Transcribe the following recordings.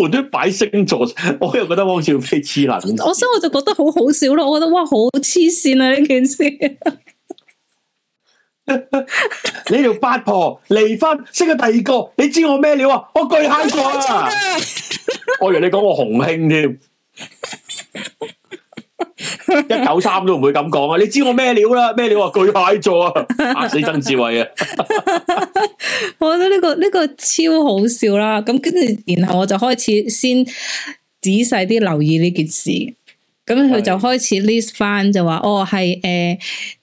無端擺星座，我又覺得汪小菲咩黐撚。我所以我就覺得好好笑咯，我覺得哇好黐線啊呢件事。 你條八婆離婚，識咗第二個，你知我咩料啊？我巨蟹 我過啊！我以為你講，我洪興添。 一九三都唔會咁講啊！你知我咩料啦？咩料啊？巨蟹座啊，吓死曾志偉啊！我覺得呢個呢個超好笑啦。咁跟住，然後我就開始先仔細啲留意呢件事。咁佢 就開始 list 翻，就話，哦，係誒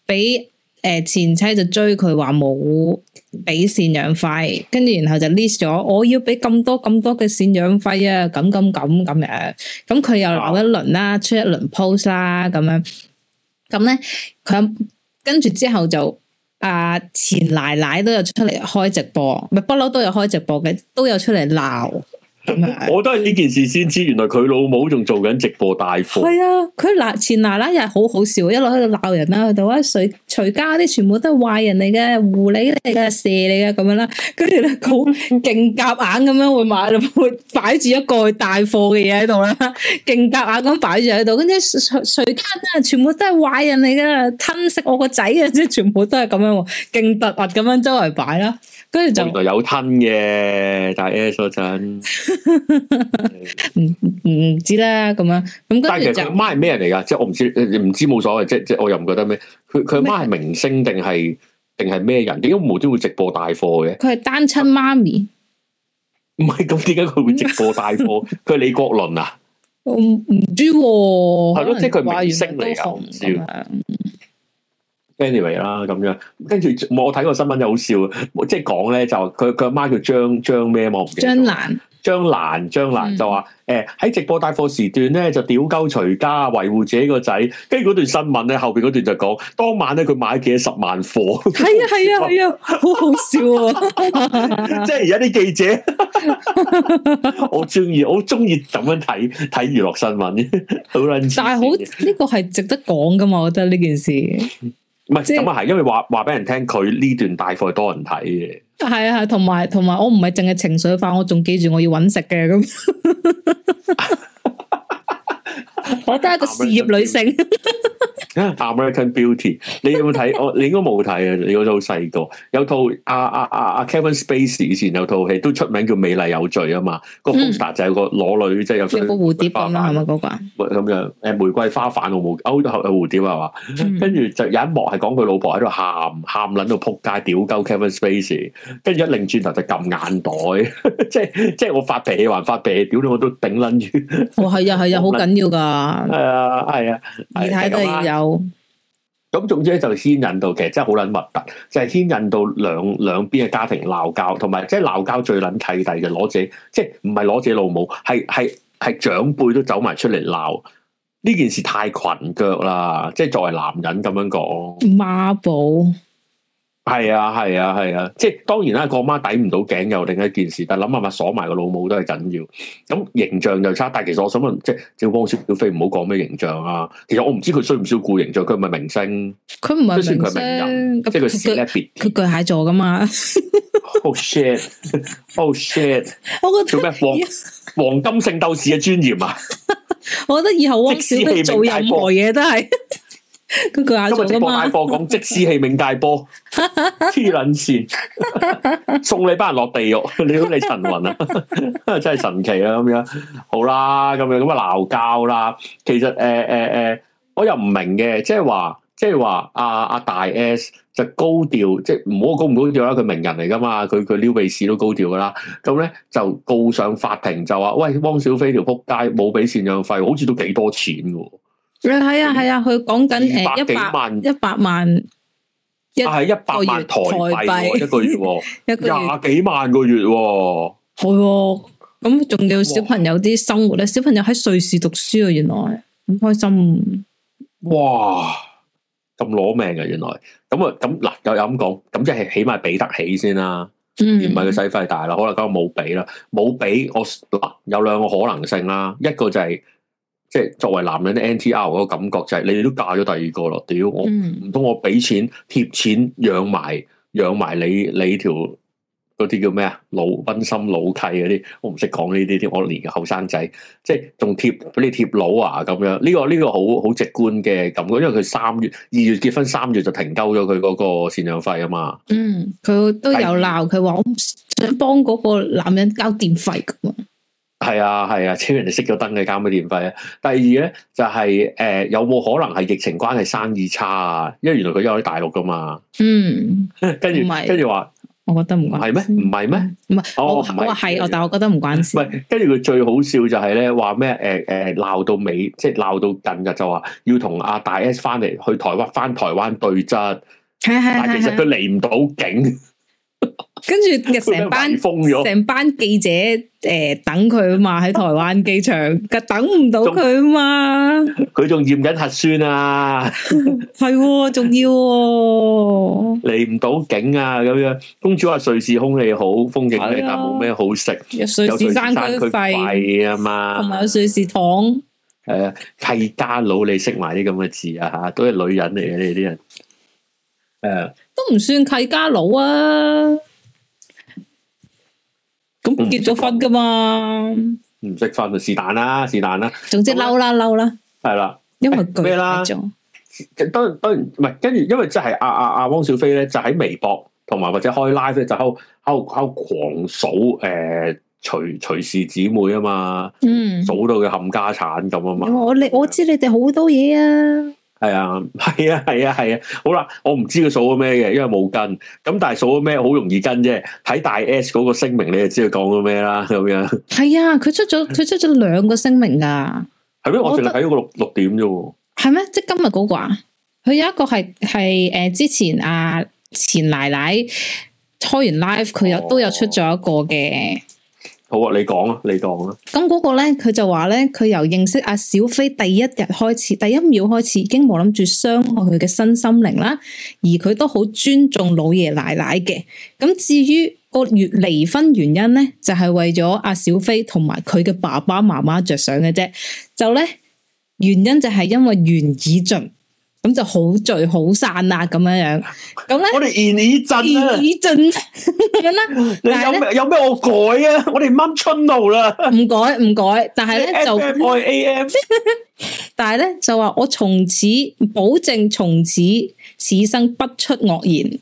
俾。呃誒，前妻就追佢話冇俾贍養費，跟住然後就 list 咗，我要俾咁多咁多嘅贍養費啊，咁咁咁咁樣，咁佢又鬧一輪啦，出一輪 post 啦，咁樣，咁咧佢跟住之後就阿、啊、前奶奶都有出嚟開直播，咪不嬲都有開直播嘅，都有出嚟鬧。嗯、我都係呢件事先知，原來佢老母仲做緊直播帶貨。係啊，佢嗱前奶奶又係好好笑，一路喺度鬧人啦，到阿徐、徐家啲全部都係壞人嚟嘅，狐狸嚟嘅，蛇嚟嘅咁樣啦。跟住咧好勁夾硬咁樣會買，就擺住一個大貨嘅嘢喺度啦，勁夾硬咁擺住喺度。跟住徐、徐家啊，全部都係壞人嚟嘅，吞食我個仔啊，即係全部都係咁樣，勁突兀咁樣周圍擺啦。跟住就原來有吞嘅，大 S 誒嗰陣。唔唔 知啦，咁樣咁，跟住就但係其實佢阿媽係咩人嚟噶？即係我唔知，唔知冇所謂。即即係，我又唔覺得咩。佢佢阿媽係明星定係定係咩人？點解無端端直播帶貨嘅？佢係單親媽咪。唔係、啊，咁點解佢會直播帶貨？佢係 李國麟啊。我唔知喎、哦。係咯，即係佢明星嚟噶，唔知。Anyway 啦，咁樣跟住我睇個新聞就好笑，即係講咧就佢佢阿媽叫張張咩麼？我唔記得。張蘭。張蘭張蘭就話：誒、嗯，喺、欸、直播帶貨時段咧，就屌鳩徐家，維護自己個仔。跟住嗰段新聞咧，後邊嗰段就講，當晚咧佢買幾十萬貨。係啊係啊係啊，好、啊啊、 好笑、啊！ 即係而家啲記者，我中意我中意咁樣睇睇娛樂新聞好捻。 但係好呢個係值得講噶嘛？我覺得呢件事。唔係即咁啊，因為話話俾人聽，佢呢段大貨多人睇嘅。係啊，係同埋同埋，我唔係淨係情緒化，我仲記住我要揾食嘅咁。 我都係一個事業女性。 American Beauty，你有冇睇？ 我你應該冇睇啊，你嗰陣好細個。有套阿阿阿阿 Kevin Spacey 以前有套戲都出名，叫《美麗有罪》啊嘛。嗯、個 Foster 有個裸女，即、就、係、是、有有個蝴蝶啊嘛，係咪嗰個？咁樣，誒，玫瑰花瓣好冇，歐蝴蝶係嘛？跟住、嗯、就有一幕係講佢老婆喺度喊喊卵到仆街，屌鳩 Kevin Spacey 跟住一擰轉頭就撳眼袋， 即係即係我發脾氣還發脾氣，屌到我都頂卵住。哇、哦，係啊係啊，好緊要噶。係啊係啊，你睇到。啊啊啊、有。咁、嗯、總之就牽引到，其實真係好捻核突，就係、是、牽引到兩兩邊嘅家庭鬧交，同埋即係鬧交最捻契弟嘅，攞自己即係唔係攞自己老母，係係係長輩都走埋出嚟鬧，呢件事太群腳啦，即係作為男人咁樣講，孖寶。係啊，係啊，係啊，啊，即係當然啦，個媽抵唔到頸又另一件事，但係諗下話鎖埋個老母都係緊要，咁形象就差。但係其實我想問，即係叫汪小菲唔好講咩形象啊。其實我唔知佢需唔需要顧形象，佢唔係明星，佢唔係明星，算名人即係個 celebrity，佢巨蟹座噶嘛。 oh shit！Oh shit！Oh, shit. 我覺得做咩黃黃金聖鬥士嘅尊嚴啊？ 我覺得以後汪小菲做任何嘢都係。 今日直播帶貨講即施氣命界波，黐撚線， 送你班人落地獄，你估你陳雲啊，真係神奇啊咁樣，好啦咁樣咁啊鬧交啦。其實誒誒誒，我又唔明嘅，即係話即係話，阿、就、阿、是啊、大 S 就高調，即係唔好高唔高調啦，佢名人嚟噶嘛，佢佢撩鼻屎都高調噶啦。咁咧就告上法庭就話，喂，汪小菲條扑街冇俾贍養費，好似都幾多錢噶。係啊係啊，佢講緊誒，啊、一百,百萬一百萬，一係、啊、一百萬台幣一個月， 一個月廿幾萬個月、啊，係咁仲要小朋友啲生活咧，哇小朋友喺瑞士讀書啊，原來好開心、啊。哇，咁攞命啊！原來，咁啊咁嗱又又咁講，咁即係起碼俾得起先啦、啊，唔係佢使費大啦，可能咁冇俾啦，冇俾我嗱有兩個可能性啦、啊，一個就係、是。即係作為男人啲 NTR 嗰個感覺就係、嗯，你哋都嫁咗第二個咯，屌我唔通我俾錢貼錢養埋養埋你你條嗰啲叫咩啊老温心老契嗰啲，我唔識講呢啲添，我連個後生仔即係仲貼嗰啲貼佬啊咁樣，呢、呢個呢、呢個好好直觀嘅感覺，因為佢三月二月結婚，三月就停交咗佢嗰個贍養費啊嘛。嗯，佢都有鬧，佢話是我唔想幫嗰個男人交電費係啊係啊、超、啊、人哋熄咗燈嘅交咩電費啊？第二咧就係、是、誒、呃，有冇可能係疫情關係生意差啊？因為原來佢有喺大陸噶嘛。嗯，跟住著是跟住話，我覺得唔關係咩？唔係咩？唔係、嗯哦，我係我，是但我覺得唔關事。唔係，跟住佢最好笑就係咧，話咩，誒誒鬧到尾，即係鬧到近日就話要同阿大 S 翻嚟去台灣翻台灣對質。是是是是但其實佢嚟唔到境。是是是是 跟住成班成班記者誒、呃、等佢啊嘛，喺台灣機場 等唔到佢啊嘛，佢仲驗緊核酸啊，係、 哦，仲要嚟、哦、唔到境啊咁樣。公主話瑞士空氣好，風景靚，啊、但冇咩好食，瑞士山區廢啊嘛，同埋有瑞士糖。係啊，契家佬你、啊，你識埋啲咁嘅字啊吓，都係女人嚟嘅呢啲人。誒、啊，都唔算契家佬啊。不結咗婚噶嘛？唔識分，是但啦，是但啦。總之嬲啦，嬲啦。係啦，因為咩啦，啊？當當然唔係，跟住因為即係阿阿阿汪小菲咧，就喺微博同埋或者開 live 咧，就喺度喺度喺度狂數誒，徐、呃、徐氏姊妹啊嘛，嗯，數到佢冚家產咁啊嘛。我你我知你哋好多嘢啊。係啊，係啊，係啊，係啊，啊！好啦，我唔知佢數咗咩嘅，因為冇跟。咁但係數咗咩，好容易跟啫。喺大 S 嗰個聲明，你就知佢講咗咩啦，咁樣。係啊，佢出咗佢出咗兩個聲明噶，啊。係咩嗎？我淨係睇咗個六六點啫。係咩？即係今日嗰個啊？佢有一個係係誒，之前啊，前奶奶開完 live，佢有、哦、都有出咗一個嘅。好啊，你講啊，你講啊。咁嗰個咧，佢就話咧，佢由認識阿小菲第一日開始，第一秒開始，已經冇諗住傷害佢嘅身心靈啦。而佢都好尊重老爺奶奶嘅。咁至於個月離婚原因咧，就係、是、為咗阿小菲同埋佢嘅爸爸媽媽着想嘅啫。就咧，原因就係因為緣已盡。咁就好聚好散啦，咁樣樣，咁咧我哋言已盡，言已盡咁啦，你有咩 有咩我改啊？我哋掹春路啦，唔改唔改。但係咧就，AM。 但係咧就話我從此保證從此，此此生不出惡言。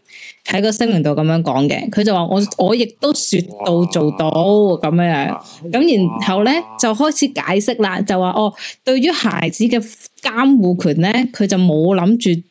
喺個聲明度咁樣講嘅，佢就話我我亦都說到做到咁樣樣，咁然後咧就開始解釋啦，就話哦，對於孩子嘅監護權咧，佢就冇諗住，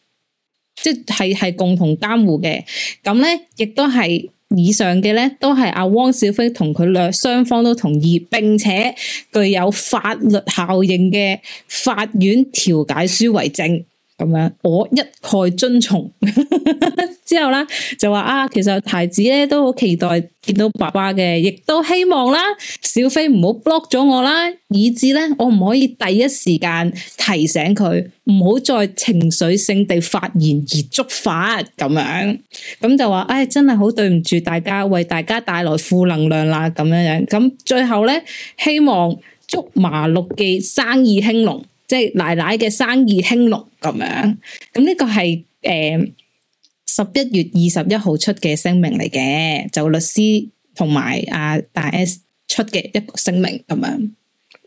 即係係共同監護嘅，咁咧亦都係以上嘅咧，都係阿汪小菲同佢兩雙方都同意，並且具有法律效應嘅法院調解書為證。咁樣，我一概遵從。 之後咧就話啊，其實孩子咧都好期待見到爸爸嘅，亦都希望啦，小菲唔好 block 咗我啦，以致咧我唔可以第一時間提醒佢，唔好再情緒性地發言而觸發咁樣。咁就話唉、哎，真係好對唔住大家，為大家帶來負能量啦，咁樣樣。咁最後咧，希望祝麻六記生意興隆。即係奶奶嘅生意興隆咁樣，咁呢個係誒十一月二十一號出嘅聲明嚟嘅，就律師同埋阿大 S 出嘅一個聲明咁樣。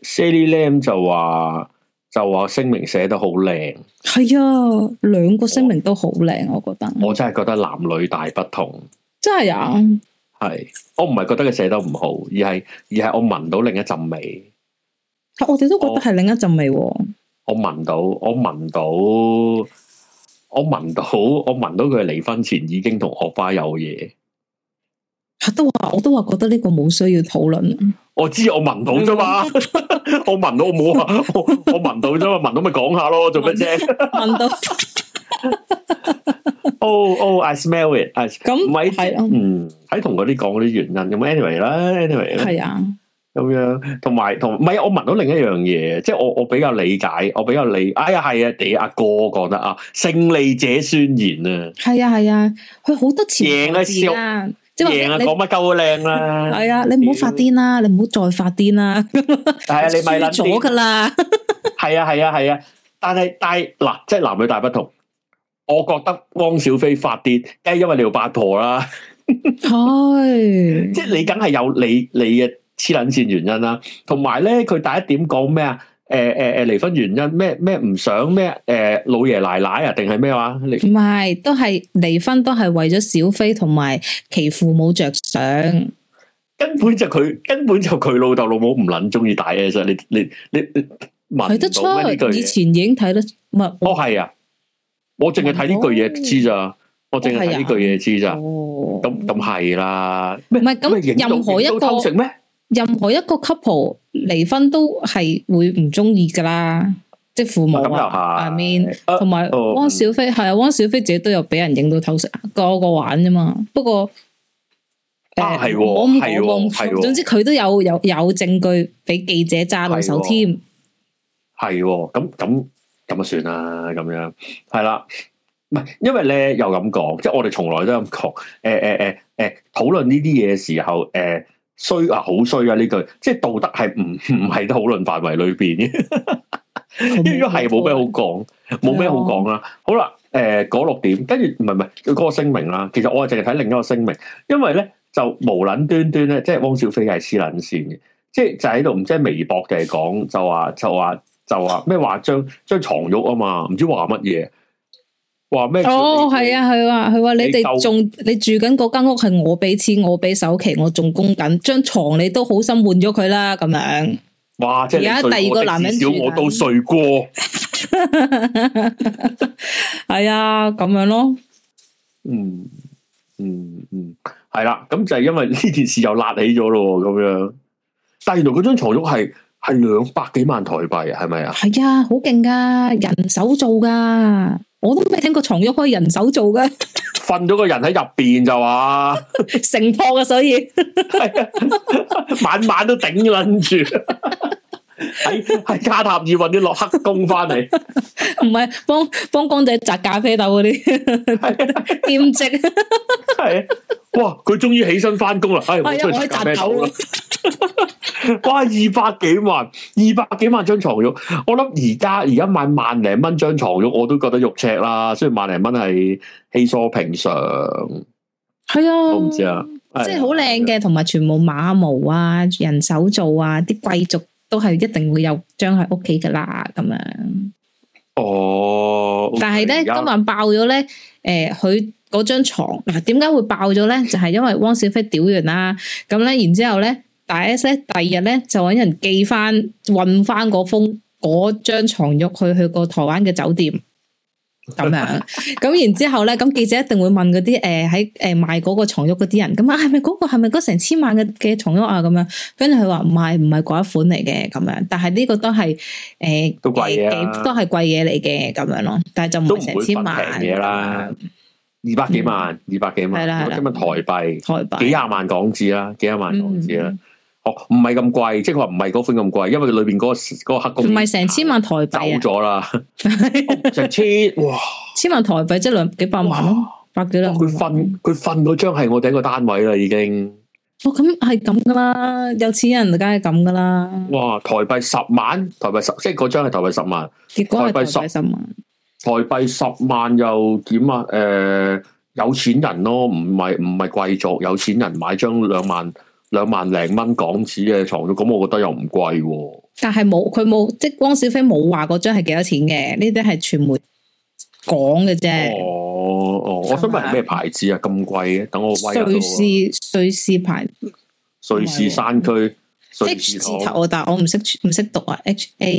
Sally Lam 就話就話聲明寫得好靚，係啊，兩個聲明都好靚，我，我覺得。我真係覺得男女大不同，真係啊，係。我唔係覺得佢寫得唔好，而係而係我聞到另一陣味。我哋都覺得係另一陣味。我聞到，我聞到，我聞到，我聞到佢離婚前已經同學花有嘢。都話，我都話覺得呢個冇需要討論。我知 我聞到啫嘛，我聞到我冇啊，我聞到啫嘛，聞到咪講下咯，做咩啫？聞 聞到。 Oh oh, I smell it. 咁唔係係咯，啊、嗯，喺同嗰啲講嗰啲原因。咁 Anyway 啦，Anyway 係啊。咁樣，同埋同唔係，我聞到另一樣嘢，即係我我比較理解，我比較理，哎呀係啊，地阿哥講得啊，勝利者宣言啊，係啊係啊，佢好多錢啊，即係贏啊，講乜夠靚啦，係啊，你唔好發癲啦，你唔好再發癲啦，係但係，你咪諗咗噶啦，係啊係啊係啊，但係但係，嗱，即係男女大不同，我覺得汪小菲發癲，梗係因為廖八婆啦，係，即係你梗係有你你嘅。黐撚線原因啦，同埋咧佢第一點講咩啊？誒誒誒離婚原因咩咩唔想咩誒老爺奶奶啊定係咩話？唔係都係離婚都係為咗小菲同埋其父母着想，根本就佢根本就佢老豆老母唔撚中意大 S，你你你你聞唔得出呢句嘢，以前已經睇得唔係。哦係啊，我淨係睇呢句嘢知咋，我淨係睇呢句嘢知咋，咁咁係啦，唔係咁任何一個偷食咩？任何一個 couple 離婚都係會唔中意噶啦，即係父母下面同埋汪小菲係啊、嗯，汪小菲自己都有俾人影到偷食，個個、啊、玩啫嘛。不過誒，係我唔我唔，總之佢都有有有證據俾記者揸落手添。係咁咁咁啊算啦，咁樣係啦，唔係因為咧又咁講，即係我哋從來都咁講，誒誒誒誒，討論呢啲嘢時候誒。欸衰啊，衰啊，好衰啊！呢句即係道德係唔唔係討論範圍裏邊嘅，呢個係冇咩好講，冇咩好講啦、啊。好啦，誒、呃，嗰六點，跟住唔係唔係嗰個聲明啦、啊。其實我係淨係睇另一個聲明，因為咧就無捻端端咧，即係汪小菲係黐捻線嘅，即係就喺度唔知係微博定係講，就，就，就話就話就話咩話張張床褥啊嘛，唔知話乜嘢。話咩？事哦，係他啊，佢話佢話你哋仲你住緊嗰間屋係我俾錢，我俾首期，我仲供緊張床，你都好心換咗佢啦，咁樣。哇！而家第二個男人住，至少我都睡過。係 啊，咁樣咯。嗯嗯嗯，係、嗯、啦，咁就係因爲呢件事又辣起咗咯，咁樣。但係原來嗰張床褥係係兩百幾萬台幣，係咪啊？係啊，好勁噶，人手做噶。我都未聽過床褥可以人手做嘅，瞓咗個人喺入邊就話，承托㗎，所以晚 晚都頂捻住。喺喺、 哎哎、卡塔爾搵啲落黑工翻嚟 唔係幫幫工仔摘咖啡豆嗰啲兼職。係哇，佢終於起身翻工啦！哎，我出去摘咖啡豆啦。 哇，二百幾萬，二百幾萬張床褥，我諗而家而家買萬零蚊張床褥，我都覺得肉赤啦。雖然萬零蚊係稀疏平常，係啊，我唔知啊，即係好靚嘅，同埋、啊、全部馬毛啊，人手做啊，啲貴族。都係一定會有張喺屋企噶啦，咁樣。哦，但係咧在今晚爆咗咧，誒、呃，佢嗰張床嗱，點解會爆咗咧？就係、是、因為汪小菲屌完啦，咁咧，然之後咧，大 S 咧第二日咧就搵人寄翻運翻嗰封嗰張床褥去去個台灣嘅酒店。咁 樣，咁然之後咧，咁記者一定會問嗰啲誒喺誒賣嗰個床褥嗰啲人，咁係咪嗰個係咪嗰成千萬嘅嘅床褥啊？咁樣，跟住佢話唔係唔係嗰一款嚟嘅，咁樣，但係呢個都係誒嘅，都係貴嘢嚟嘅咁樣咯。但係就唔係成千樣萬，嘢啦、嗯，二百幾萬，二百幾萬，今日台幣，台幣幾廿萬港紙啦，嗯、幾廿萬港紙啦。嗯哦，唔係咁貴，即係佢話唔係嗰款咁貴，因為裏邊嗰、嗰個客、嗰個黑工唔係成千萬台幣啊，走咗啦，成 千哇，千萬台幣即係兩幾百萬，哇百幾啦。佢瞓佢瞓嗰張係我第一個單位啦，已經。哦，咁係咁噶啦，有錢人梗係咁噶啦。哇，台幣十萬，台幣十，即係嗰張係台幣十萬，結果台幣十萬，台幣十萬又點啊？誒、呃，有錢人咯，唔係唔係貴族，有錢人買張兩萬。兩萬零蚊港紙嘅床褥，咁我覺得又唔貴，啊。但係冇，佢冇，即係汪小菲冇話嗰張係幾多錢嘅，呢啲係傳媒講嘅啫。哦哦，就是，我想問係咩牌子啊？咁貴嘅，等我威瑞士瑞士牌瑞士山區 H 字頭但係我唔識唔識讀啊。H A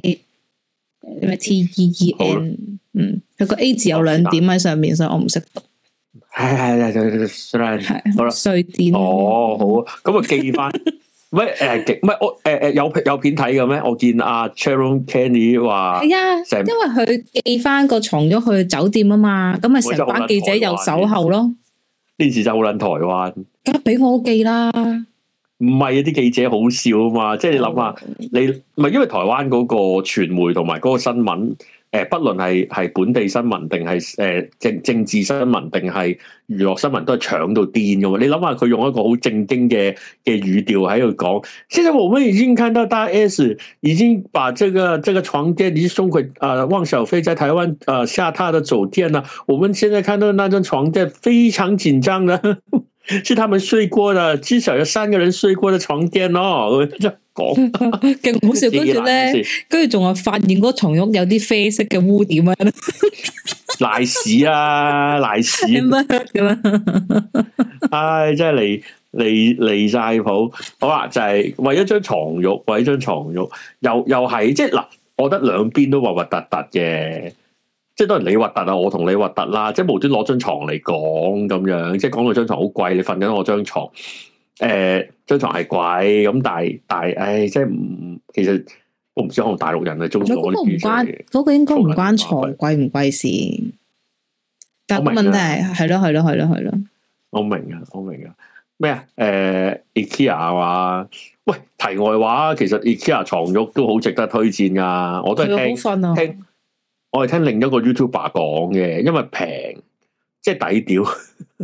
咩 T E E N 的嗯，佢個 A 字有兩點喺上面，所以我唔識讀。係係係， 好啦吧，碎點哦，好啊，咁啊寄翻，唔係誒， 唔係我，誒誒、欸，有有片睇嘅咩？我見阿 Cheryl Kenny 話係啊，因為佢寄翻個床褥咗去酒店啊嘛，咁啊成班記者又守候咯。呢次就好撚台灣，梗係俾我寄啦。唔係啊，啲記者好笑啊嘛，即係你諗下，嗯、你唔係因為台灣嗰個傳媒同埋嗰個新聞。誒、呃，不論係係本地新聞定係誒政政治新聞定係娛樂新聞，都係搶到癲嘅喎。你諗下，佢用一個好正經嘅嘅語調喺度講。現在我們已經看到大 S 已經把這個這個床墊已經送回啊，汪、呃、小菲在台灣啊、呃、下榻的酒店啦。我們現在看到那張床墊非常緊張的 是他們睡過的，至少有三個人睡過的床墊咯。 講勁說好笑，跟住咧，跟住仲話發現嗰床褥有啲啡色嘅污點啊！賴屎啦、啊，賴屎！嗎唉，真係離離離晒譜。好啦，就係、是、為咗張床褥，為咗張床褥，又又係即係嗱，我覺得兩邊都核核突突嘅，即係當然你核突啦，我同你核突啦，即係無端攞張床嚟講咁樣，即係講到張床好貴，你瞓緊我張床。誒，張、呃、床係貴咁，但係但係，即係唔，其實我唔知可能大陸人啊，中意嗰啲嘢。嗰個唔關，嗰個應該唔關床貴唔貴事。了但問題係係咯係咯係咯係咯。我明啊，我明啊。咩、呃、啊？誒，IKEA 啊嘛？喂，題外話，其實 IKEA 床褥都好值得推薦㗎。我都係聽、啊、聽，我係聽另一個 YouTuber 講嘅，因為平，即係抵屌。 就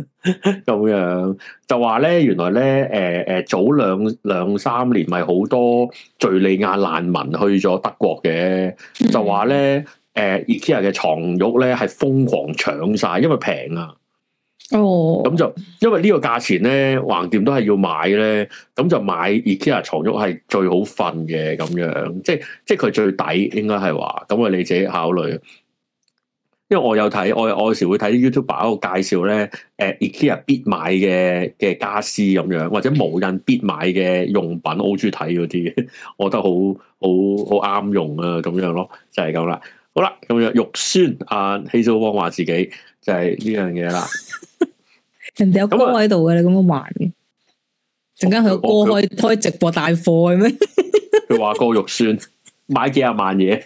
咁 樣，就話咧，原來咧，誒、呃、誒、呃，早兩兩三年咪好多敘利亞難民去咗德國嘅，嗯、就話咧，誒、呃、，IKEA 嘅床褥咧係瘋狂搶晒，因為平啊，哦，咁就因為呢個價錢咧橫掂都係要買咧，咁就買 IKEA 床褥係最好瞓嘅，咁樣，即係即係佢最抵，應該係話，咁啊你自己考慮。因為我有睇，我我有時候會睇 YouTuber 嗰個介紹咧，誒、啊、，IKEA 必買嘅嘅家私咁樣，或者無印必買嘅用品，我好中意睇嗰啲嘅，我覺得好好好啱用啊，咁樣咯，就係咁啦。好啦，咁樣肉酸阿希蘇汪話自己就係、是、呢樣嘢啦。 人哋有歌喺度嘅，你咁樣還嘅？陣間佢有歌開開、哦、直播帶貨嘅咩？佢話：歌肉酸。買幾十萬 啊萬嘢，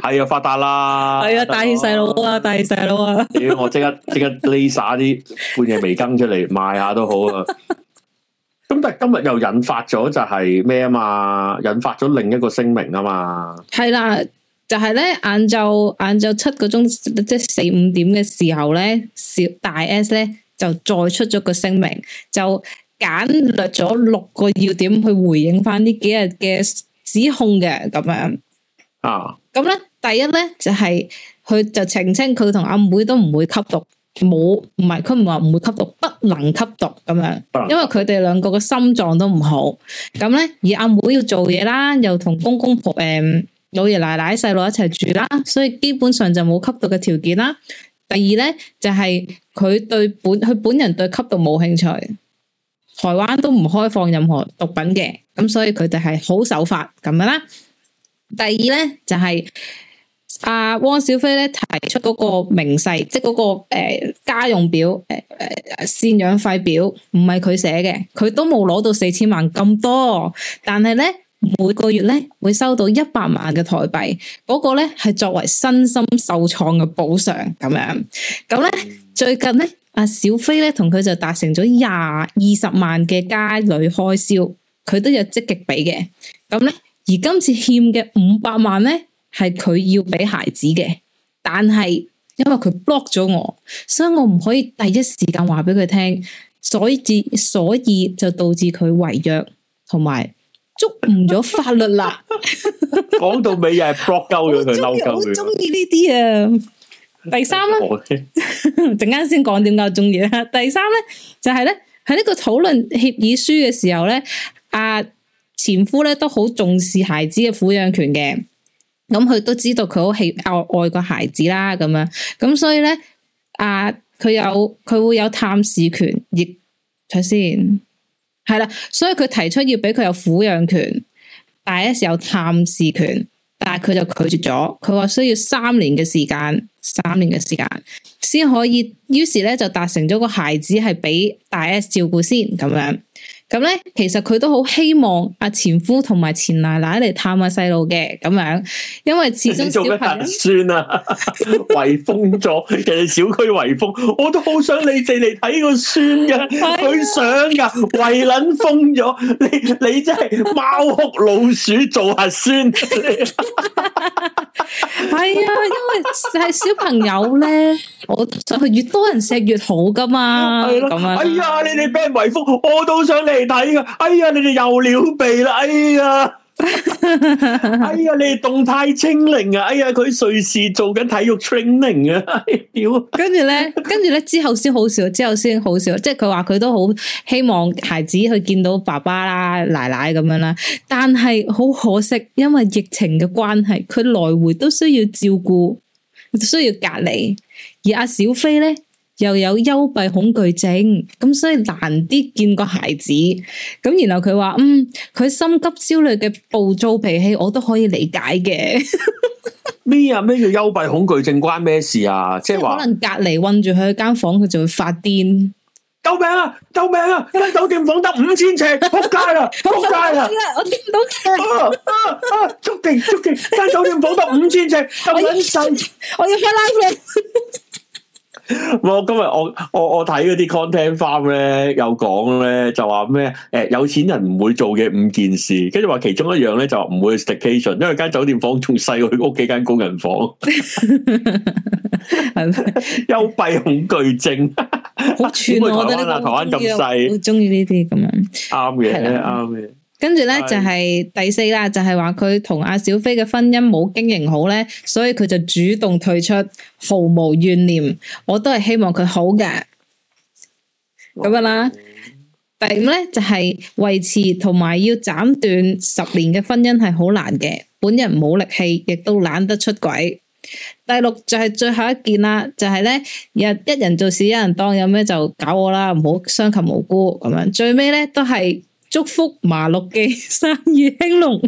係啊發達啦，係啊帶住細佬啊，帶住細佬啊！屌 我即刻即刻匿晒啲半夜微醺出嚟賣下都好啊！咁 但係今日又引發咗就係咩啊嘛？引發咗另一個聲明啊嘛！係啦、啊，就係咧晏晝晏晝七個鐘即係四五點嘅時候咧，小大 S 咧就再出咗個聲明，就簡略咗六個要點去回應翻呢幾日嘅指控嘅咁樣啊，咁咧第一咧就係佢就澄清佢同阿妹都唔會吸毒，冇唔係佢唔話唔會吸毒，不能吸毒咁樣，因為佢哋兩個嘅心臟都唔好。咁咧而阿妹要做嘢啦，又同公公婆誒老爺奶奶細路一齊住啦，所以基本上就冇吸毒嘅條件啦。第二咧就係佢對本佢本人對吸毒冇興趣，台灣都唔開放任何毒品嘅。咁所以佢哋係好守法咁樣啦。第二咧就係、是、阿、啊、汪小菲咧提出嗰個明細，即係、那、嗰個誒、呃、家用表誒誒贍養費表，唔係佢寫嘅，佢都冇攞到四千萬咁多。但係咧每個月咧會收到一百萬嘅台幣，嗰、那個咧係作為身心受創嘅補償咁樣。咁咧最近咧阿、啊、小菲咧同佢就達成咗廿二十萬嘅家裏開銷。佢都有積極俾嘅，咁咧而今次欠嘅五百萬咧係佢要俾孩子嘅，但係因為佢 block 咗我，所以我唔可以第一時間話俾佢聽，所以所以就導致佢違約同埋捉唔咗法律啦 講到尾又係 block 鳩咗佢，好中意呢啲啊。第三啦，陣間先講點解我中意啦。第三咧就係咧喺呢個討論協議書嘅時候咧。阿、啊、前夫咧都好重視孩子嘅撫養權嘅，咁、嗯、佢都知道佢好喜愛愛個孩子啦，咁樣，咁、嗯、所以咧，阿、啊、佢有佢會有探視權，而睇先係啦，所以佢提出要俾佢有撫養權，大 S 有探視權，但係佢就拒絕咗，佢話需要三年嘅時間，三年嘅時間先可以，於是咧就達成咗個孩子係俾大 S 照顧先，咁樣。咁咧，其實佢都好希望阿前夫同埋前奶奶嚟探下細路嘅，咁樣，因為始終做乜人酸啊？圍封咗，人哋 小區圍封，我都好想你哋嚟睇個孫噶，佢 想噶、啊，圍捻 封咗，你你真係貓哭老鼠做核酸。係啊，因為係小朋友咧，我想佢越多人錫越好噶嘛，係咁 樣、啊。 哎呀，你哋俾人圍封，我都想嚟。睇噶、哎，哎呀，你哋又撩鼻啦，哎呀，哎呀，你哋動態清零啊，哎呀，佢瑞士做緊體育 training 啊，屌、哎！跟住咧，跟住咧之後先好笑，之後先好笑，即係佢話佢都好希望孩子去見到爸爸啦、奶奶咁樣啦，但係好可惜，因為疫情嘅關係，佢來回都需要照顧，需要隔離，而阿小菲咧。又有幽閉恐懼症，咁所以難啲見個孩子。咁然後佢話嗯，佢心急焦慮嘅暴躁脾氣，我都可以理解嘅。咩啊？咩叫幽閉恐懼症？關咩事啊？即係話可能隔籬困住佢間房，佢就會發癲。救命啊！救命啊！間酒店房得五千尺，仆街啦！仆街啦！我見唔到你啊啊啊！足勁足勁，間酒店房得五千尺，咁卵細！我要翻 l i 今我今日我我我睇嗰啲 content farm 咧，有講咧就話咩？誒、欸，有錢人唔會做嘅五件事，跟住話其中一樣咧就唔會 staycation 因為間酒店房仲細過佢屋企間工人房，係咧 吧，幽閉恐懼症，好串、啊啊、我覺得啦，台灣咁細，好中意呢啲咁樣，啱嘅的，啱嘅的。跟住咧就係、是、第四啦，就係話佢同阿小飛嘅婚姻冇經營好咧，所以佢就主動退出，毫無怨念。我都係希望佢好嘅，咁樣啦。第五咧就係、是、維持同埋要斬斷十年嘅婚姻係好難嘅，本人冇力氣，亦都懶得出軌。第六就係最後一件啦，就係、是、咧，一一人做事一人當，一人當，有咩就搞我啦，唔好傷及無辜咁樣。最尾咧都係。祝福麻六記生意興隆。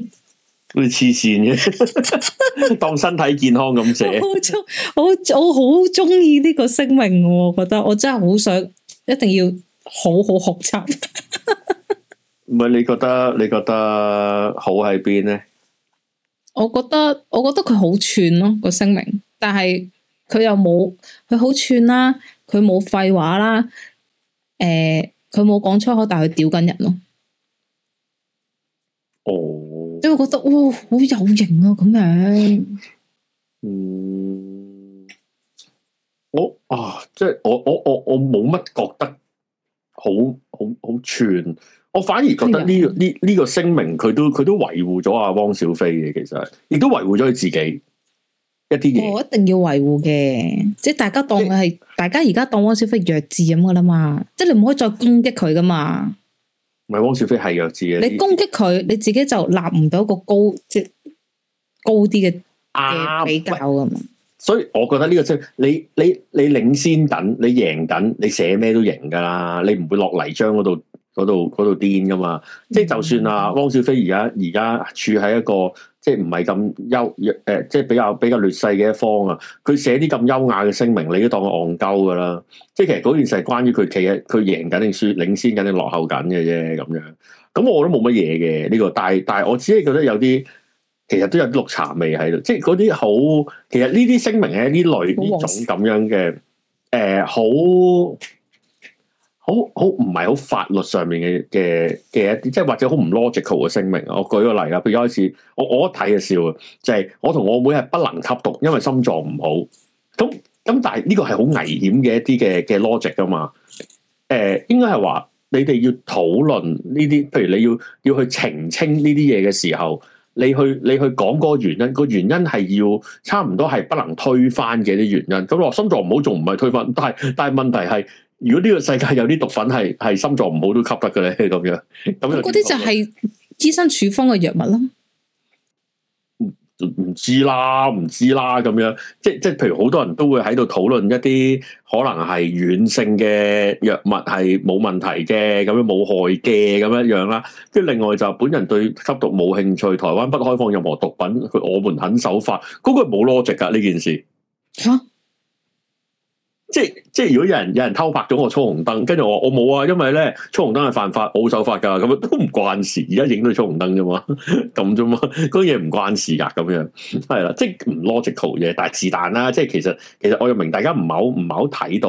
你黐線嘅， 當身體健康咁寫。好中我好中意呢個聲明，我覺得我真係好想一定要好好學習。唔 係，你覺得你覺得好喺邊咧？我覺得我覺得佢好串咯個聲明，但係佢又冇佢好串啦，佢冇廢話啦，誒佢冇講粗口，但係佢屌緊人咯。即係覺得哇，好、哦、有型啊！咁樣，嗯，我啊，即係我我我我冇乜覺得好好好串，我反而覺得呢呢呢個聲明佢都佢都維護咗阿汪小菲嘅，其實亦都維護咗佢自己一啲嘢，我一定要維護嘅，即係大家當佢係、欸、大家而家當汪小菲弱智咁噶啦嘛，即係你唔可以再攻擊佢噶嘛。唔係汪小菲係弱智嘅，你攻擊佢，你自己就立唔到一個高即高啲嘅、啊、比較咁。所以我覺得呢、這個即係你你你領先等你贏緊，你寫咩都贏噶啦，你唔會落泥漿嗰度嗰度嗰度癲噶嘛。即係、嗯、就算啊，汪小菲而家而家處喺一個。即係唔係咁優誒，即係比較比較劣勢嘅一方啊！佢寫啲咁優雅嘅聲明，你都當佢戇鳩㗎啦！即係其實嗰件事係關於佢，其實佢贏緊定輸，領先緊定落後緊嘅啫咁樣。咁我都冇乜嘢嘅呢個，但係但係我只係覺得有啲其實都有啲綠茶味喺度，即係嗰啲好其實呢啲聲明咧，呢類呢種咁樣嘅誒好。好好唔係好法律上面嘅嘅嘅一啲，即係或者好唔 logical 嘅聲明。我舉個例啦，譬如一開始我我睇就笑啊，就係、是、我同我妹係不能吸毒，因為心臟唔好。咁咁但係呢個係好危險嘅一啲嘅嘅 logic 啊嘛。誒、呃、應該係話你哋要討論呢啲，譬如你要要去澄清呢啲嘢嘅時候，你去你去講個原因，個原因係要差唔多係不能推翻嘅啲原因。咁我心臟唔好仲唔係推翻？但係但係問題係。如果呢個世界有啲毒品係係心臟唔好都吸得嘅咧咁樣，咁嗰啲就係醫生處方嘅藥物啦。唔知啦，唔知啦咁樣，即係即係，譬如好多人都會喺度討論一啲可能係軟性嘅藥物係冇問題嘅，咁樣冇害嘅咁樣樣啦。即係另外就係本人對吸毒冇興趣，台灣不開放任何毒品，佢我們很守法，嗰、嗰個冇邏輯噶呢件事。吓、啊？即係即係，如果有人有人偷拍咗我衝紅燈，跟住我話我冇啊，因為咧衝紅燈係犯法，我好守法噶，咁都唔關事。而家影到衝紅燈啫嘛，咁啫嘛，嗰嘢唔關事噶，咁樣係啦，即係唔 logical 嘢，但係是但啦、啊。即係其實其實我又明，大家唔好唔好睇到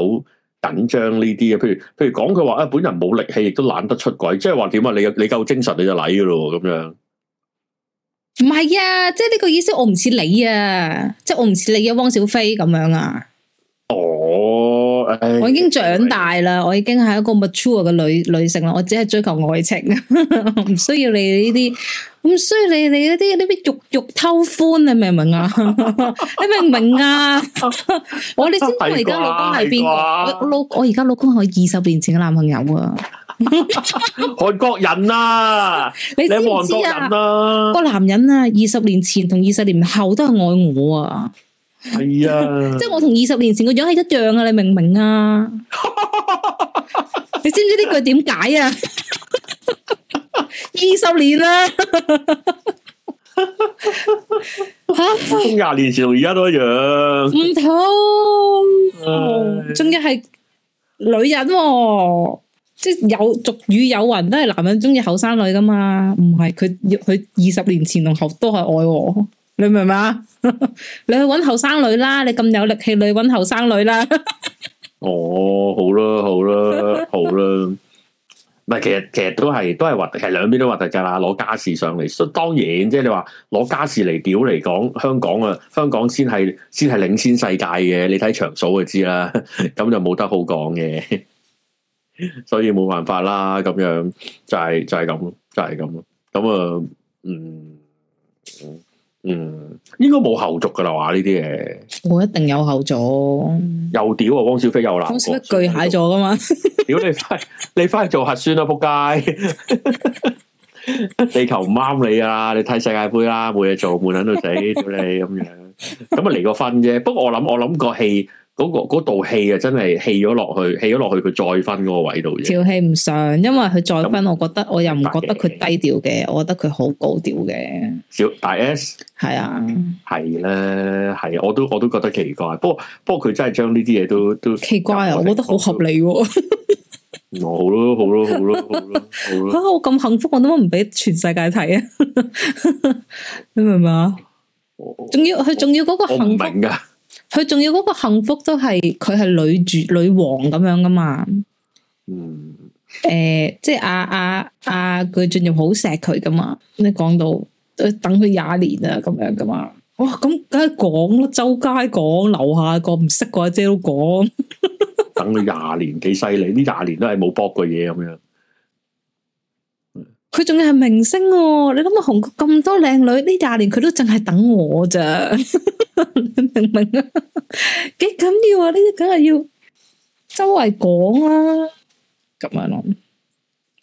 緊張呢啲嘅，譬如譬如講佢話啊，本人冇力氣，亦都懶得出軌，即係話點啊？你你夠精神你就嚟噶咯，咁樣唔係啊？即係呢個意思，我唔似你啊！即係我唔似你啊，汪小菲咁樣啊？哦。哎、我已經長大啦，我已經係一個 mature 嘅女女性啦，我只係追求愛情，唔 需要，需要你呢啲。咁所以你你嗰啲呢啲欲欲偷歡，你明唔明啊？ 你明唔明啊？我你知我而家老公係邊個？我老我而家老公係二十年前嘅男朋友啊，韓國人啊，你知唔知啊？知個男人啊，二十年前同二十年後都係愛我啊！係啊，哎、呀 即係我同二十年前個樣係一樣啊！你明唔明啊？ 你知唔知呢句點解啊？二 十年啦，吓，廿年前同而家都一樣，唔 同，仲要係女人，啊，即係有俗語有云，都係男人中意後生女噶嘛，唔係佢，佢二十年前同後都係愛我。你明唔明啊？你去搵後生女啦！你咁有力氣，你去搵後生女啦。哦，好啦，好啦，好啦。唔係，其實其實都係都係核突，其實兩邊都核突噶啦。攞家事上嚟，所以當然即係你話攞家事嚟屌嚟講，香港啊，香港先係先係領先世界嘅。你睇場數就知啦，咁 就冇得好講嘅。所以冇辦法啦，咁樣就係就係咁，就係咁咯。咁、就、啊、是就是，嗯。嗯，應該冇後續噶啦話呢啲嘢，我一定有後續、嗯，又屌啊！汪小菲又爛，汪小菲巨蟹座噶嘛？屌 你，你翻去做核酸啦！仆街， 地球唔啱你啊！你睇世界杯啦，冇嘢做，悶撚到死屌你咁樣，咁啊離個婚啫。不過我諗，我諗個戲。嗰、那個嗰道氣啊，真係氣咗落去，氣咗落去佢再分嗰個位度嘅調氣唔上，因為佢再分那我我，我覺得我又唔覺得佢低調嘅，我覺得佢好高調嘅。小大 S 係啊，係啦，係我都我都覺得奇怪，不過不過佢真係將呢啲嘢都都，都奇怪啊，我覺得好合理，啊。哦， 好咯，好咯，好咯，好咯，好咯 啊。我咁幸福，我都唔俾全世界睇啊！ 你明嘛？仲我要佢仲我要嗰個幸福。佢仲要嗰個幸福都係佢係女主女王咁樣噶嘛？嗯，誒、欸，即係阿阿阿具俊曄好錫佢噶嘛？你講到等佢廿年啊，咁樣噶嘛？哇，咁梗係講啦，周街講，樓下一個唔識個阿姐都講， 等佢廿年幾犀利？呢廿年都係冇博過嘢咁樣。佢仲要係明星哦、啊！你諗下紅過咁多靚女，呢廿年佢都淨係等我咋？ 明唔明啊？幾緊要啊？呢啲梗係要周圍講啦、啊。咁樣咯、啊，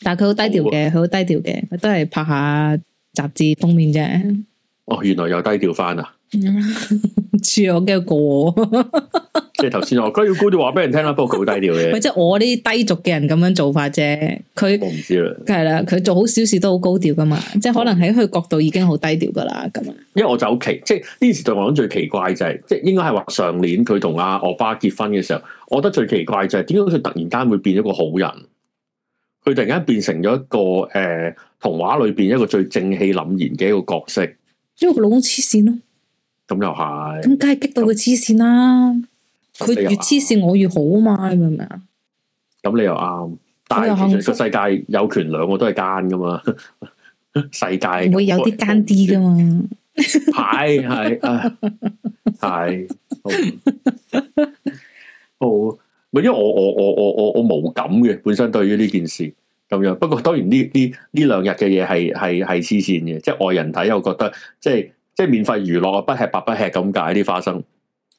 但係佢好低調嘅，佢好、啊、佢低調嘅，佢都係拍下雜誌封面啫。哦，原來又低調翻啊！似我嘅過。 即係頭先我，佢要高調話俾人聽啦，不過佢好低調嘅。咪即係我呢啲低俗嘅人咁樣做法啫。佢我唔知啦，梗係啦，佢做好小事都好高調噶嘛。 即係可能喺佢角度已經好低調噶啦。咁啊，因為我就好奇，即係呢時對我諗最奇怪就係，即係應該係話上年佢同阿我爸結婚嘅時候，我覺得最奇怪就係點解佢突然間會變咗個好人。佢突然間變成咗一個誒、呃，童話裏邊一個最正氣凜然嘅一個角色。因為佢老公黐線咯，咁又係，咁梗係激到佢黐線啦。佢越黐線我越好啊嘛，明唔明啊？咁你又啱，但係其實個世界有權兩個都係奸噶嘛呵呵？世界唔會有啲奸啲噶嘛？係係啊，係好，好。係因為我我我我我我冇感嘅，本身對於呢件事咁樣。不過當然呢呢呢兩日嘅嘢係係係黐線嘅，即係、就是、外人睇又覺得即係即係免費娛樂啊，不吃白不吃咁解啲花生。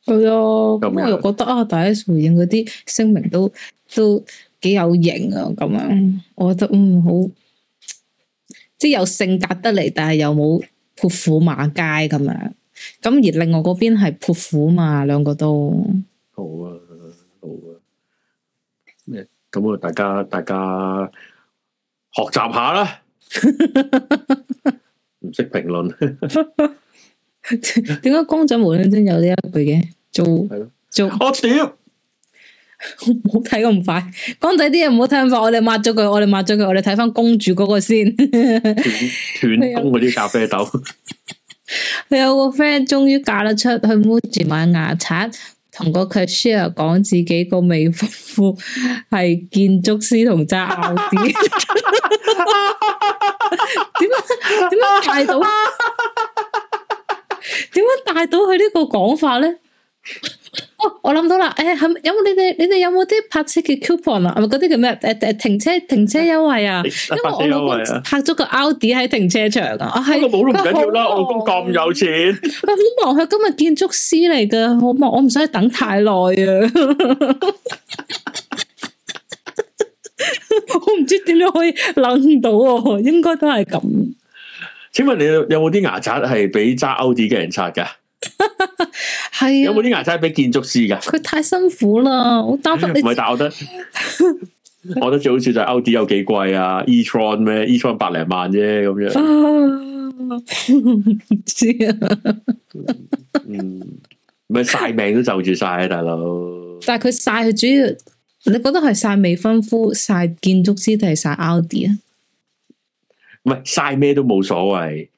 係啊，咁我又覺得啊，大 S 回應嗰啲聲明都都幾有型啊，咁樣，我覺得嗯好，即係有性格得嚟，但係又冇潑婦罵街咁樣，咁而另外嗰邊係潑婦嘛，兩個都好啊，好啊，咩咁啊？大家大家學習下啦，唔識評論。點解公仔無端端有呢一句嘅？做做我屌，唔好睇咁快。公仔啲嘢，唔好睇咁快，我哋抹咗佢，我哋抹咗佢，我哋睇翻公主嗰個先。斷斷工嗰啲咖啡豆。佢有個 friend 終於嫁得出去，摸住買牙刷，同個 cashier 講自己個未婚夫係建築師同扎牛仔。點樣點樣嫁到？點樣帶到佢呢個講法咧？哦，我諗到啦，誒、欸，係有冇你哋，你哋有冇啲泊車嘅 coupon 啊？係咪嗰啲叫咩？誒誒，停車停車優惠啊！你因為我嗰日拍咗個奧迪喺停車場車啊，我係、啊、個冇都唔緊要啦，我老公咁有錢。喂，好忙，佢今日建築師嚟噶，好忙，我唔使等太耐啊！ 我唔知點樣可以諗到，應該都係咁。請問你有冇啲牙刷係俾揸奧迪嘅人刷噶？係、 啊、有冇啲牙刷係俾建築師噶？佢太辛苦啦，我擔心你。唔 係，但我覺得 我覺得最好笑就係奧迪有幾貴啊？Etron 咩？Etron 百零萬啫，咁樣唔知啊。E e、 嗯，咩晒、 嗯、命都就住晒啊，大佬！但係佢晒，佢主要你覺得係晒未婚夫、晒建築師定係晒奧迪啊？唔係晒咩都冇所謂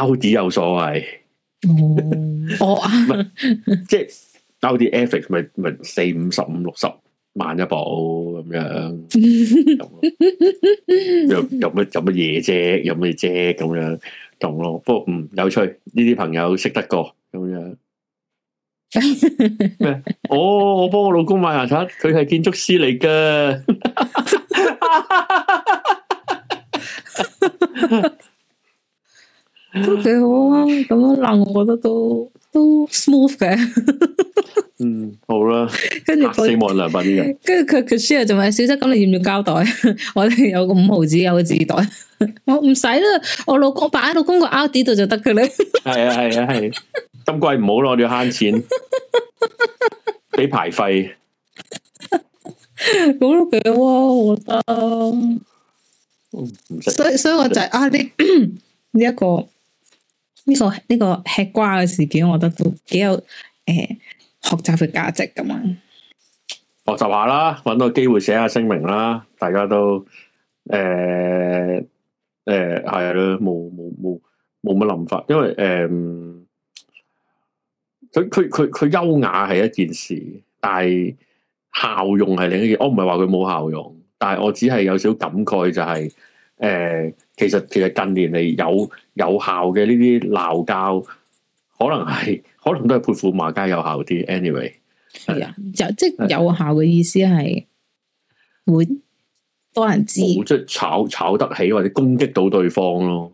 ，out、嗯、有所謂，我即係 out 啲 ethics 咪咪四五十五六十萬一部咁樣，又又咩又咩嘢啫，又咩啫咁樣同咯，不過嗯有趣呢啲朋友識得過咁樣，咩我、 哦、我幫我老公買牙刷，佢係建築師嚟㗎。 都幾好啊，咁樣諗，我覺得都都 smooth 嘅。嗯，好啦，跟住四萬兩百啲人，跟住佢佢 cashier 仲係小姐，咁你要唔要膠袋？我哋有個五毫紙，有個紙袋。我唔使啦，我老公擺喺老公個 outfit 度就得噶啦。係啊係啊係，咁貴唔好攞，你要慳錢，俾排費，咁都幾好啊，我覺得。嗯、所以，所以我就啊，呢呢一個呢、呢個呢、呢個吃瓜嘅事件，我覺得都幾有誒學習嘅價值咁啊。學習下啦，搵到機會寫下聲明啦，大家都誒誒係啦，冇冇冇冇乜諗法，因為誒佢佢佢佢優雅係一件事，但係效用係另一件。我唔係話佢冇效用。但係我只係有少少感慨，就是，就係誒，其實其實近年嚟有有效嘅呢啲鬧交，可能係可能都係潑婦罵街有效啲。Anyway，係啊，是就即係、就是、有效嘅意思係是會多人知，即係炒炒得起或者攻擊到對方咯。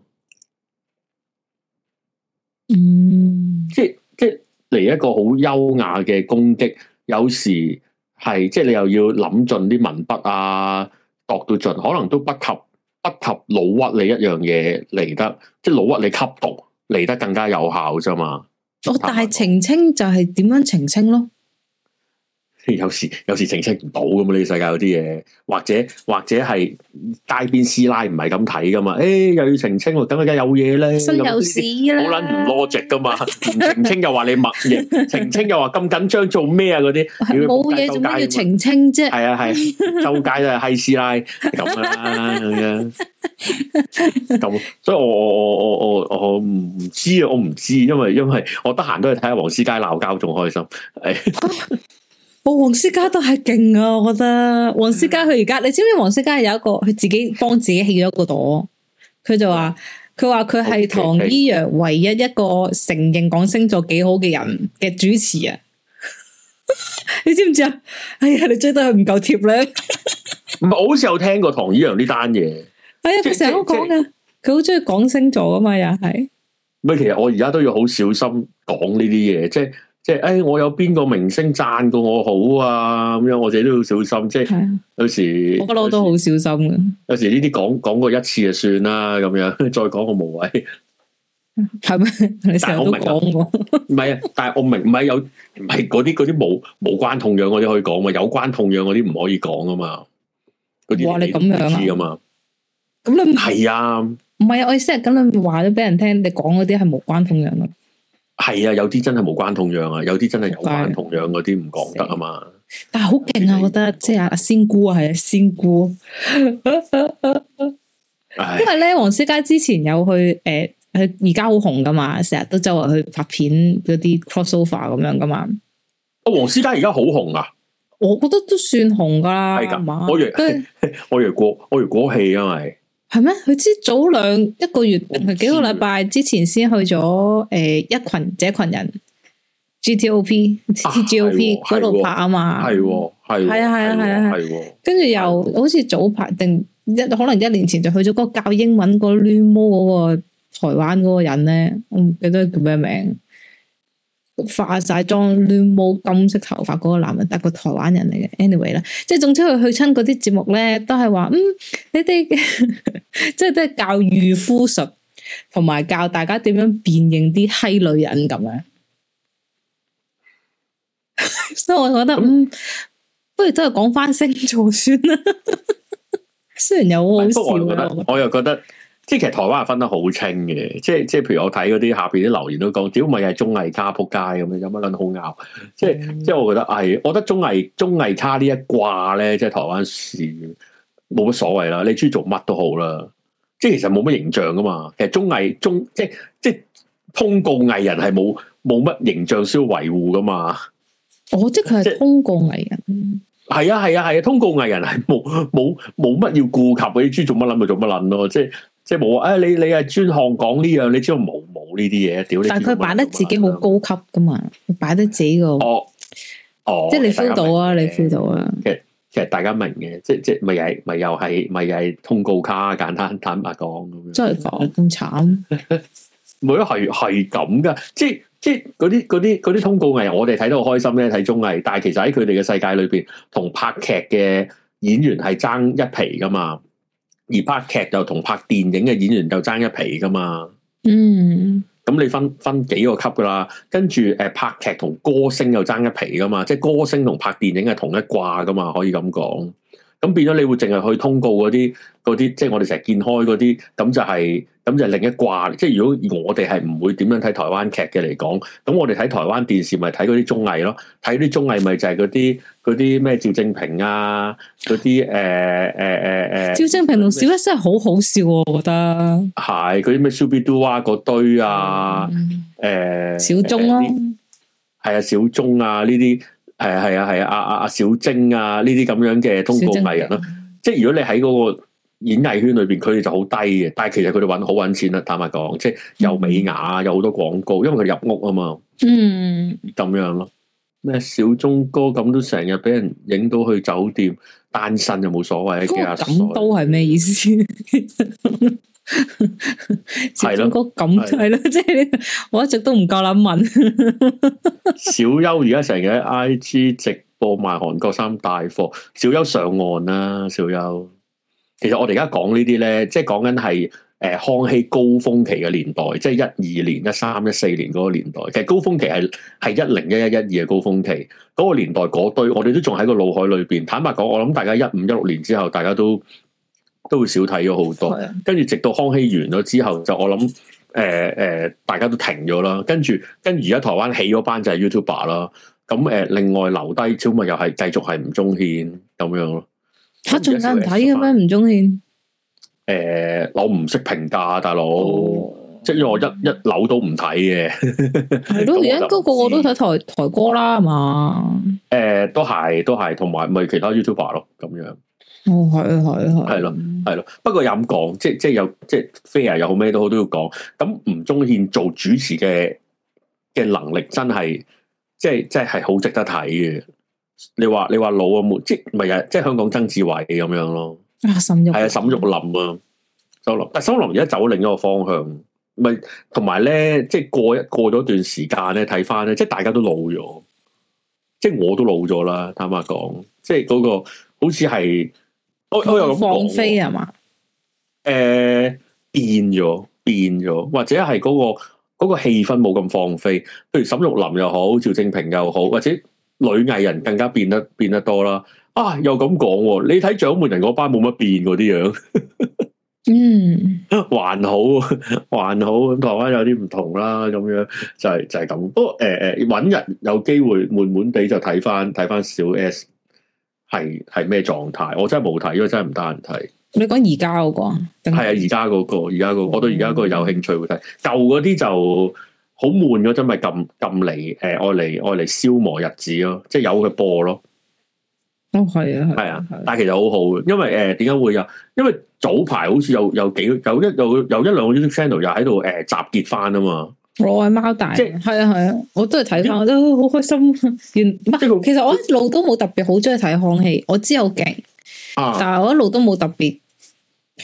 嗯，即係即係嚟一個好優雅嘅攻擊，有時。係，即係你又要諗盡啲文筆啊，度到盡，可能都不及不及老屈你一樣嘢嚟得，即係老屈你吸毒嚟得更加有效啫嘛。哦，但係澄清就係點樣澄清咯？ 有時有時澄清唔到咁嘛，呢個世界有啲嘢，或者或者係街邊師奶唔係咁睇噶嘛？誒、哎，又要澄清，等係而家有嘢咧，冇撚邏輯噶嘛 澄說？澄清又話你默認，澄清又話咁緊張做咩啊？嗰啲冇嘢仲要澄清啫，係啊係， 周街都係嘿師奶咁啦咁樣咁、啊 啊，所以我我我我我我唔知啊！我唔知，我唔知，因為因為我得閒都係睇下黃師街鬧交仲開心。哎 我黃思嘉都係勁啊！我覺得黃思嘉佢而家，你知唔知黃思嘉有一個佢自己幫自己起咗一個朵？佢就話佢話佢係唐依陽唯一一個承認講星座幾好嘅人嘅主持啊！ 你知唔知啊？哎呀，你追得佢唔夠貼咧。唔 係好似有聽過唐依陽呢單嘢。哎呀，佢成日都講噶，佢好中意講星座噶嘛，又係。咩？其實我而家都要好小心講呢啲嘢，即係。即係，誒、哎，我有邊個明星讚過我好啊？咁樣我自己都要小心。即係有時，我不嬲都好小心嘅。有時呢啲講講過一次就算啦，咁樣再講個無謂。係咪？你成日都講我？唔係啊，但係我明唔係有，係嗰啲嗰啲冇無關痛癢嗰啲可以講嘛，有關痛癢嗰啲唔可以講啊嘛。哇！你咁樣啊？咁你唔係你啊？唔係啊！我 set 緊裏面話咗俾人聽，你講嗰啲係無關痛癢咯。係啊，有啲真係無關痛癢怪啊，有啲真係有關痛癢嗰啲唔講得啊嘛。但係好勁啊，我覺得即係阿仙姑啊，係啊仙姑。啊、仙姑 唉因為咧，王思佳之前有去誒，佢而家好紅噶嘛，成日都周圍去拍片嗰啲 crossover 咁樣噶嘛。啊、哦，王思佳而家好紅啊！我覺得都算紅噶，係噶，我以為我以為過我以為過氣啊！係咩？佢知早兩一個月定係幾個禮拜之前先去咗誒，一群這群人 TGOP TGOP 嗰度拍啊嘛，係喎，係啊，係啊，係啊，係喎。跟住又好似早拍定一可能一年前就去咗個教英文嗰攣魔嗰個台灣嗰個人咧，我唔記得佢叫咩名。化晒妝、亂毛、金色頭髮嗰個男人，得個台灣人嚟嘅。Anyway 啦，即係總之佢去親嗰啲節目咧，都係話，嗯，你哋即係都係教御夫術，同埋教大家點樣辨認啲閪女人咁樣。 所以我覺得，嗯，嗯，不如真係講翻星座算啦。雖然有好笑，我又覺得。即係其實台灣係分得好清嘅，即係即係譬如我睇嗰啲下邊啲留言都講，屌咪又係綜藝卡扑街咁樣，有乜捻好拗？即係即係我覺得藝、哎，我覺得綜藝綜藝卡呢一卦咧，即係台灣事，冇乜所謂啦。你中意做乜都好啦，即係其實冇乜形象噶嘛。其實綜藝中即係即係通告藝人係冇冇乜形象需要維護噶嘛。哦，即係佢係通告藝人，係即啊，係啊，係啊，啊，通告藝人係冇冇冇乜要顧及，你中意做乜捻咪做乜捻咯，即係。即係冇啊！誒、哎，你你係專項講呢樣，你知道冇冇呢啲嘢，屌你，屌你屌、啊！但係佢擺得自己好高級噶嘛，擺得自己個哦哦，即、哦、係你 feel 到啊，你 feel 到啊。其實其實大家明嘅，即係即係咪又係咪又係咪又係通告卡簡單坦白講咁樣。再咁慘，咪都係係咁噶，即係即係嗰啲啲啲通告藝，我哋睇得好開心咧睇綜藝，但係其實喺佢哋嘅世界裏邊，同拍劇嘅演員係爭一皮噶嘛。而拍劇就同拍電影嘅演員就爭一皮噶嘛。嗯，咁、嗯、你分分幾個級噶啦？跟住誒、呃，拍劇同歌星又爭一皮噶嘛，即係歌星同拍電影係同一掛噶嘛，可以咁講。咁變咗，你會淨係去通告嗰啲啲，即係我哋成日見開嗰啲，咁就係、是、咁就另一卦。即係如果我哋係唔會點樣睇台灣劇嘅嚟講，咁我哋睇台灣電視咪睇嗰啲綜藝咯。睇啲綜藝咪就係嗰啲啲咩趙正平啊，嗰啲誒誒誒誒。欸欸欸、趙正平同小 S 真係好好笑喎、啊，我覺得。係嗰啲咩 Super Duo 嗰堆啊，誒、嗯欸、小鐘咯、啊，係啊小鐘啊呢啲。係係啊係啊，阿啊，阿小晶啊，呢啲咁樣嘅通告藝人咯，啊、即係如果你喺嗰個演藝圈裏邊，佢哋就好低嘅，但係其實佢哋搵好搵錢啦，坦白講，即係有美雅，有好多廣告，因為佢入屋啊嘛，嗯，咁樣咯，咩小鐘哥咁都成日俾人影到去酒店單身又冇所謂，幾啊歲，咁都係咩意思？ 係咯，咁係咯，即係我一直都唔夠膽問 。小優而家成日喺 IG 直播賣韓國三大貨，小優上岸啦，小優。其實我哋而家講呢啲咧，即係講緊係誒康熙高峰期嘅年代，即係一二年、一三、一四年嗰個年代。其實高峰期係係一零、一一、一二嘅高峰期。嗰、嗰個年代嗰堆，我哋都仲喺個腦海裏邊。坦白講，我諗大家一五一六年之後，大家都。都會少睇咗好多，跟住直到康熙完咗之後，就我諗，誒、呃、誒、呃，大家都停咗啦。跟住，跟住而家台灣起咗班就係 YouTuber 啦。咁誒、呃，另外留低，招咪又係繼續係吳宗憲咁樣咯。吓，仲唔睇嘅咩？吳宗憲？誒，我唔識評價大佬，哦、即係我一一樓都唔睇嘅。係咯的，而家 個個都睇台台哥啦，係嘛？誒，都係，都係，同埋咪其他 YouTuber 咯，咁樣。哦，係啊，係啊，係、啊。咯、啊，係咯、啊。不過又咁講，即係即係有即係 fair 又好咩都好都要講。咁吳宗憲做主持嘅嘅能力真係，即係即係係好值得睇嘅。你話你話老啊，即係咪啊？即係香港曾志偉咁樣咯。啊，沈玉係啊，沈玉琳啊，沈玉琳，但係沈玉琳而家走另一個方向，咪同埋咧，即係過一過咗一段時間咧，睇翻咧，即係大家都老咗，即係我都老咗啦。坦白講，即係嗰個好似係。又咁放飛係嘛？誒、uh,，變咗變咗，或者係嗰、嗰個、嗰個氣氛冇咁放飛。譬如沈玉琳又好，趙正平又好，或者女藝人更加變得變得多啦。啊，又咁講，你睇掌門人嗰班冇乜變嗰啲樣。嗯， 還好，還好。咁台灣有啲唔同啦，咁樣就係、係、就係、係、咁。不過誒誒，搵、uh, 日、uh, 有機會悶悶地就睇翻睇翻小 S。係係咩狀態？我真係冇睇，因為真係唔得閒睇。你講而家嗰個係啊，而家嗰個，而家嗰個，我對而家嗰個有興趣會睇。舊嗰啲就好悶真係撳撳嚟，誒，愛嚟愛嚟消磨日子咯，即係有佢播咯。都啊、哦，係啊，係啊。的的但係其實很好好嘅，因為誒，點、呃、解會有？因為早排好似有有幾有一有有一，有一兩個 YouTube channel 又喺度誒集結翻啊嘛。我愛貓大，係啊係啊，我都係睇翻，也我都好開心。原是其實我一路都冇特別好中意睇康熙，我知好勁，啊、但係我一路都冇特別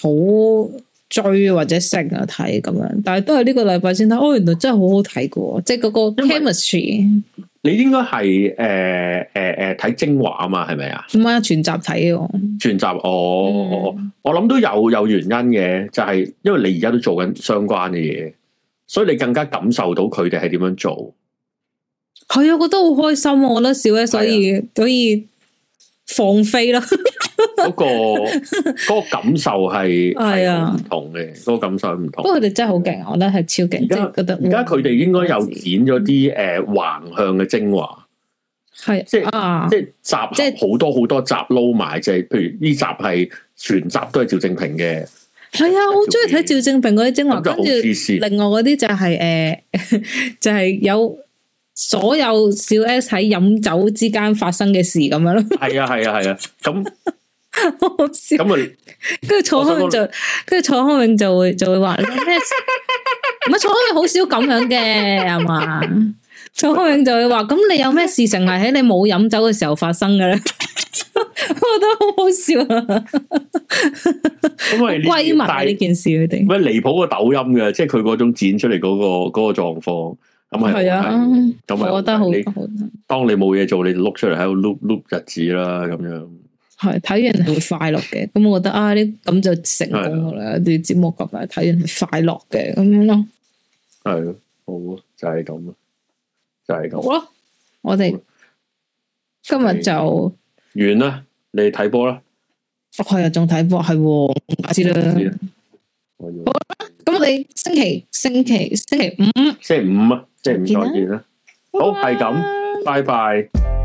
好追或者升啊睇咁樣，但係都係呢個禮拜先睇。哦，原來真係好好睇噶，即係嗰個 chemistry。你應該係誒誒誒睇精華啊嘛，係咪啊？唔係啊，全集睇啊。全集哦，嗯、我我諗都有有原因嘅，就係、是、因為你而家都在做緊相關嘅嘢。所以你更加感受到佢哋係點樣做，係啊，覺得好開心啊！我覺得少咧，所以所以放飛啦，嗰個嗰個感受係係啊唔同嘅，嗰個感受唔同。不過佢哋真係好勁，我覺得係超勁。而家而家佢哋應該有剪咗啲誒橫向嘅精華，係的即係啊，即係集即係好多好多集撈埋，即係譬如呢集係全集都係趙正平嘅。係啊，我好中意睇趙正平嗰啲精華，跟住另外嗰啲就係、是、誒、 呃，就係、是、有所有小 S 喺飲酒之間發生嘅事咁樣咯。係啊，係啊，係啊，咁 好笑。咁啊，跟住蔡康永就，跟住蔡康永 就會 就會就會話咩？唔係蔡康永好少咁樣嘅，係嘛？ 蔡康永 就會話，咁你有咩事成係喺你冇飲酒嘅時候發生噶咧？ 我覺得好好笑，因為威民呢件事佢哋喂離譜個抖音嘅，即係佢嗰種剪出嚟嗰個嗰個狀況。咁係啊，咁我覺得好。當你冇嘢做，你就碌出嚟喺度碌碌日子啦，咁樣係睇完係會快樂嘅。咁我覺得啊，呢咁就成功㗎啦啲節目咁啊，睇完係快樂嘅咁樣咯。係咯，好啊，就係咁啊，就係咁咯。我哋今日就。完啦，你睇波啦。我係啊，仲睇波係，下次啦。的好，咁我哋星期星期星期五，星期五啊，星期五再見啦。見，好，係咁拜，拜拜。